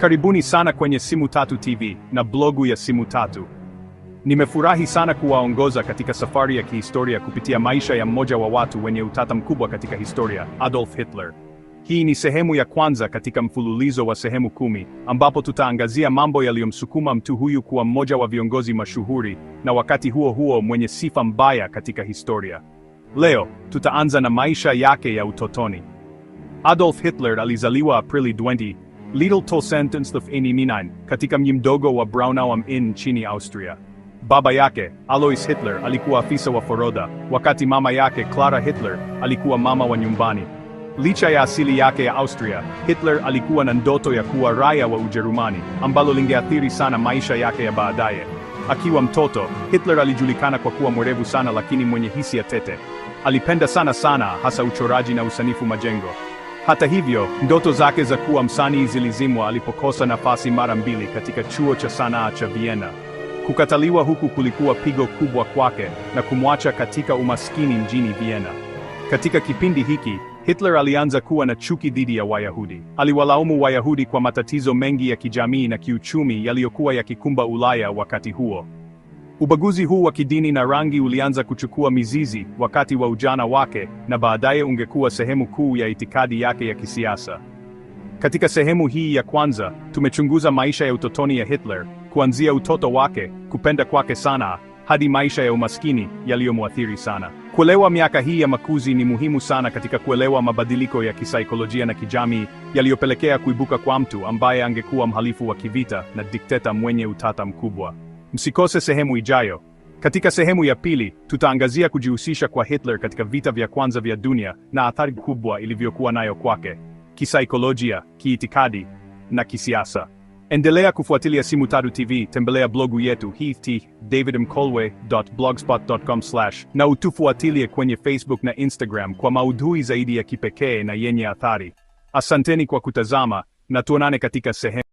Karibuni sana kwenye Simu Tatu TV na blogu ya Simu Tatu. Nimefurahi sana kuwaongoza katika safari ya kihistoria kupitia maisha ya mmoja wa watu wenye utata mkubwa katika historia, Adolf Hitler. Hii ni sehemu ya kwanza katika mfululizo wa sehemu kumi ambapo tutaangazia mambo yaliyomsukuma mtu huyu kuwa mmoja wa viongozi mashuhuri na wakati huo huo mwenye sifa mbaya katika historia. Leo tutaanza na maisha yake ya utotoni. Adolf Hitler alizaliwa Aprili 20 Little Tosenten elfu themanini na nane katika mji mdogo wa Braunau am in chini Austria. Baba yake Alois Hitler alikuwa afisa wa forodha, wakati mama yake Clara Hitler alikuwa mama wa nyumbani. Licha ya asili yake ya Austria, Hitler alikuwa na ndoto ya kuwa raia wa Ujerumani, ambalo lingeathiri sana maisha yake ya baadaye. Akiwa mtoto, Hitler alijulikana kwa kuwa mwerevu sana, lakini mwenye hisia tete. Alipenda sana sana hasa uchoraji na usanifu majengo. Hata hivyo, ndoto zake za kuwa msanii zilizimwa alipokosa nafasi mara mbili katika chuo cha sanaa cha Vienna. Kukataliwa huku kulikuwa pigo kubwa kwake na kumwacha katika umaskini mjini Vienna. Katika kipindi hiki, Hitler alianza kuwa na chuki dhidi ya Wayahudi. Aliwalaumu Wayahudi kwa matatizo mengi ya kijamii na kiuchumi yaliyokuwa yakikumba Ulaya wakati huo. Ubaguzi huu wa kidini na rangi ulianza kuchukua mizizi wakati wa ujana wake na baadaye ungekuwa sehemu kuu ya itikadi yake ya kisiasa. Katika sehemu hii ya kwanza, tumechunguza maisha ya utotoni ya Hitler, kuanzia utoto wake, kupenda kwake sana, hadi maisha ya umaskini yaliyomwathiri sana. Kuelewa miaka hii ya makuzi ni muhimu sana katika kuelewa mabadiliko ya kisaikolojia na kijamii yaliyopelekea kuibuka kwa mtu ambaye angekuwa mhalifu wa kivita na dikteta mwenye utata mkubwa. Msikose sehemu ijayo. Katika sehemu ya pili tutaangazia kujihusisha kwa Hitler katika vita vya kwanza vya dunia na athari kubwa ilivyokuwa nayo kwake kisaikolojia, kiitikadi na kisiasa. Endelea kufuatilia Simu Tatu TV, tembelea blogu yetu hiti na utufuatilie kwenye Facebook na Instagram kwa maudhui zaidi ya kipekee na yenye athari. Asanteni kwa kutazama na tuonane katika sehemu